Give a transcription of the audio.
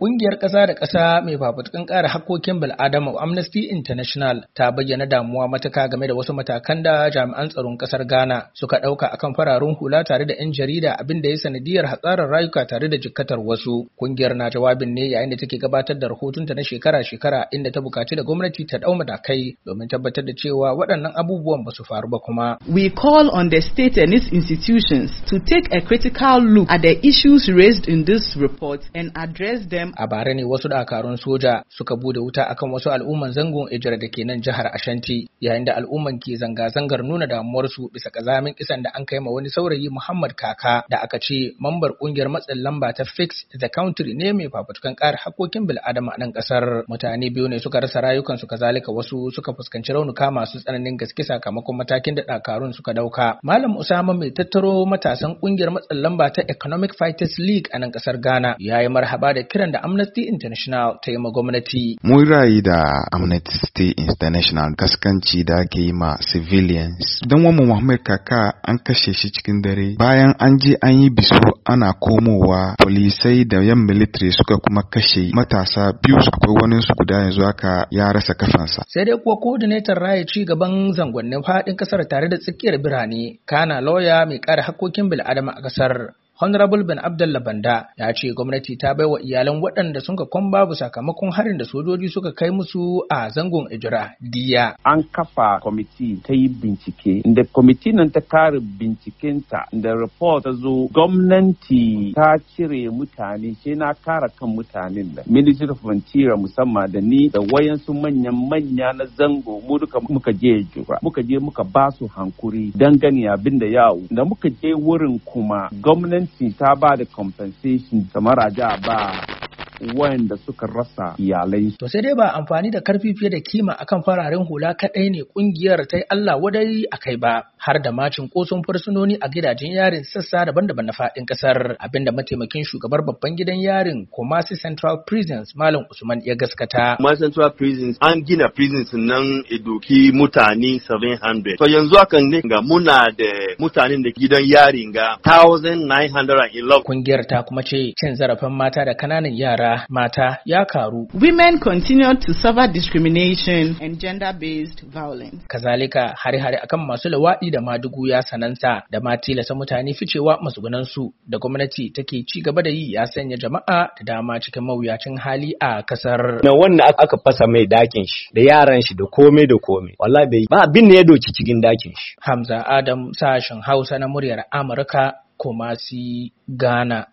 Ƙungiyar ƙasa da ƙasa mai fafutukan ƙara hakkokin bil'adama Amnesty International ta bayyana damuwa matuka game da wasu matakan da jami'an tsaron ƙasar Ghana suka ɗauka akan fararen hula tare da 'yan jarida abin da ya sanadiyar hatsarin rayuka tare da jikkatar wasu. Ƙungiyar na jawabin ne yayin da take gabatar da rahotonta na shekara-shekara inda ta bukaci da gwamnati ta ɗau matakai domin tabbatar da cewa waɗannan abubuwan ba su faru ba kuma. We call on the state and its institutions to take a critical look at the issues raised in this report and address them a bara ne wasu dakarun soja suka bude wuta akan wasu al'umman zangon ejira da ke nan jihar Ashanti yayin da al'umman ke zanga-zangar nuna damuwarsu bisa kazamin kisan da an kai ma wani saurayi Muhammad Kaka da aka ce mambar kungiyar matsin lamba ta Fix the Country ne mai fafutukan ƙar hakokin bil'adama a nan kasar mutane biyu ne suka rasa rayukansu kazalika wasu suka fuskanci raunuka masu tsananin gaske sakamakon matakin da dakarun suka dauka Malam Usama mai tattaro matasan kungiyar matsin lamba ta Economic Fighters League a nan kasar Ghana ya marhaba da kiran da Amnesty International ta yi ma gwamnati. Mun rayu da Amnesty International gaskanci da ake yi ma civilians. Don wani Muhammad Kaka an kashe shi cikin dare bayan an je an yi biso ana komowa polisai da yan military suka kuma kashe matasa biyu akwai wani su guda yanzu haka ya rasa kafansa. Sai dai kuwa coordinator raya ci gaban zangonnin faɗin kasar tare da tsakiyar birane kana lauya mai ƙara hakokin bil'adama a kasar Honorable Ben Abdullah Banda ya ce gwamnati ta baiwa iyalan waɗanda sun kwan babu sakamakon harin da sojoji suka kai musu a zangon Ijira diya. An kafa kwamiti ta yi bincike, inda kwamiti nan ta kare bincikenta da report ta zo gwamnati ta cire mutane sai na kara kan mutanen da Ministry of musamman da ni da wayansu manyan manya na zango mu duka muka je jura muka je muka basu hankuri dangane abin da yawo da muka je wurin kuma gwamnati gwamnati ta ba da compensation kamar a ba wayanda suka rasa iyalai. To sai dai ba amfani da karfi fiye da kima akan fararen hula kaɗai ne ƙungiyar ta yi Allah wadai a kai ba har da macin kosun fursunoni a gidajen yarin sassa daban-daban na faɗin ƙasar abinda mataimakin shugabar babban gidan yarin Kumasi Central Prisons Malam Usman ya gaskata. Kumasi Central Prisons an gina prisons nan idoki e mutane 700. To yanzu akan ne ga muna da mutane da gidan yarin ga 1911. Kungiyar ta kuma ce cin zarafin mata da kananan yara mata ya karu. Women continue to suffer discrimination and gender-based violence. Kazalika hare hari akan masu lawaɗi da madugu ya sananta da ma tilasta mutane ficewa matsugunansu da gwamnati take ci gaba da yi ya sanya jama'a da dama cikin mawuyacin hali a kasar. Na wannan aka fasa mai dakin shi da yaran shi da komai da komai. Wallahi bai ba abin ne ya doki cikin dakin shi. Hamza Adam sashen Hausa na muryar Amurka Kumasi Ghana.